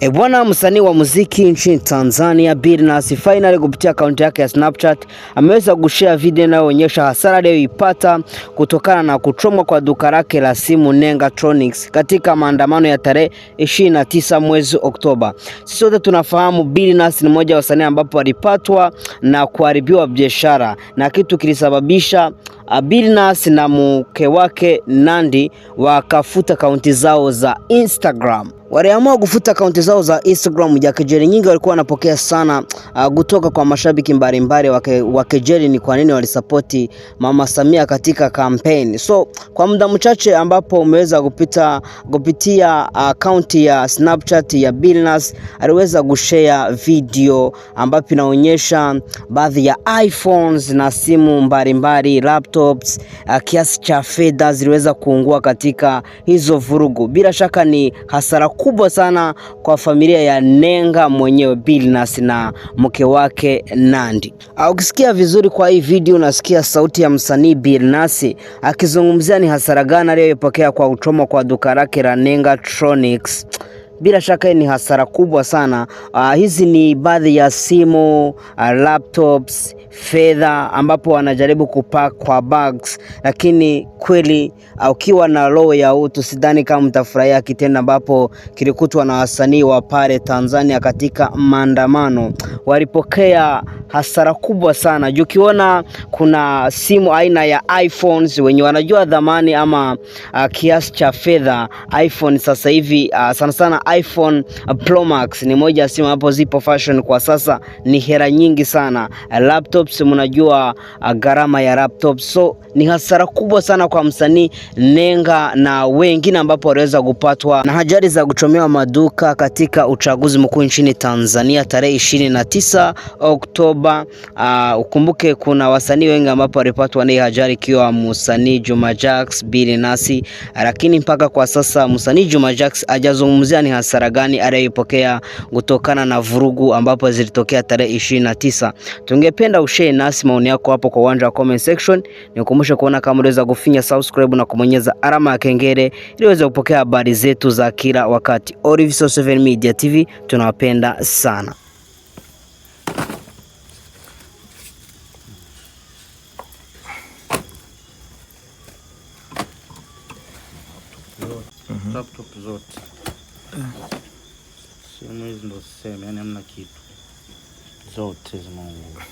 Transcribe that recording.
E bwana, msanii wa muziki nchini Tanzania Billnass finally kupitia akaunti yake ya Snapchat ameweza kushare video inayoonyesha hasara aliyoipata kutokana na kuchomwa kwa duka lake la simu Nenga Tronics katika maandamano ya tarehe 29 mwezi Oktoba. Sisi wote tunafahamu Billnass ni mmoja wa wasanii ambapo alipatwa na kuharibiwa biashara na kitu kilisababisha uh, Billnass na mke wake Nandy wakafuta akaunti zao za Instagram. Waliamua kufuta akaunti zao za Instagram ya kejeli nyingi walikuwa wanapokea sana uh, kutoka kwa mashabiki mbalimbali wa kejeli ni kwa nini walisapoti Mama Samia katika kampeni. So kwa muda mchache ambapo umeweza kupita kupitia uh, akaunti uh, ya Snapchat ya Billnass aliweza kushare video ambapo inaonyesha baadhi ya iPhones na simu mbalimbali, laptops uh, kiasi cha fedha ziliweza kuungua katika hizo vurugu. Bila shaka ni hasara kubwa sana kwa familia ya Nenga mwenyewe Billnass na mke wake nandi ah, Ukisikia vizuri kwa hii video, unasikia sauti ya msanii Billnass akizungumzia ni hasara gani aliyopokea kwa uchoma kwa duka lake la Nenga Tronics bila shaka ni hasara kubwa sana. Uh, hizi ni baadhi ya simu uh, laptops, fedha ambapo wanajaribu kupak kwa bags, lakini kweli ah, ukiwa na roho ya utu sidhani kama mtafurahia kitendo ambapo kilikutwa na wasanii wa pale Tanzania katika maandamano walipokea hasara kubwa sana juu. Ukiona kuna simu aina ya iPhones, wenye wanajua dhamani ama uh, kiasi cha fedha iPhone sasa hivi uh, sana sana iPhone uh, Pro Max ni moja ya simu hapo zipo fashion kwa sasa, ni hera nyingi sana. Uh, laptops mnajua uh, gharama ya laptops, so ni hasara kubwa sana kwa msanii Nenga na wengine, ambapo waliweza kupatwa na ajali za kuchomewa maduka katika uchaguzi mkuu nchini Tanzania tarehe 29 Oktoba Roba. Uh, ah, ukumbuke kuna wasanii wengi ambapo walipatwa na ajali ikiwa msanii Juma Jax, Billy Nasi, lakini mpaka kwa sasa msanii Juma Jax hajazungumzia ni hasara gani aliyopokea kutokana na vurugu ambapo zilitokea tarehe 29. Tungependa ushare nasi maoni yako hapo kwa uwanja wa comment section. Nikukumbushe kuona kama unaweza kufinya subscribe na kubonyeza alama ya kengele ili uweze kupokea habari zetu za kila wakati. Olivisoro7 Media TV tunawapenda sana. Mhm. Laptop zote Simu hizi ndo sehemu, yani hamna kitu, zote zimeungua.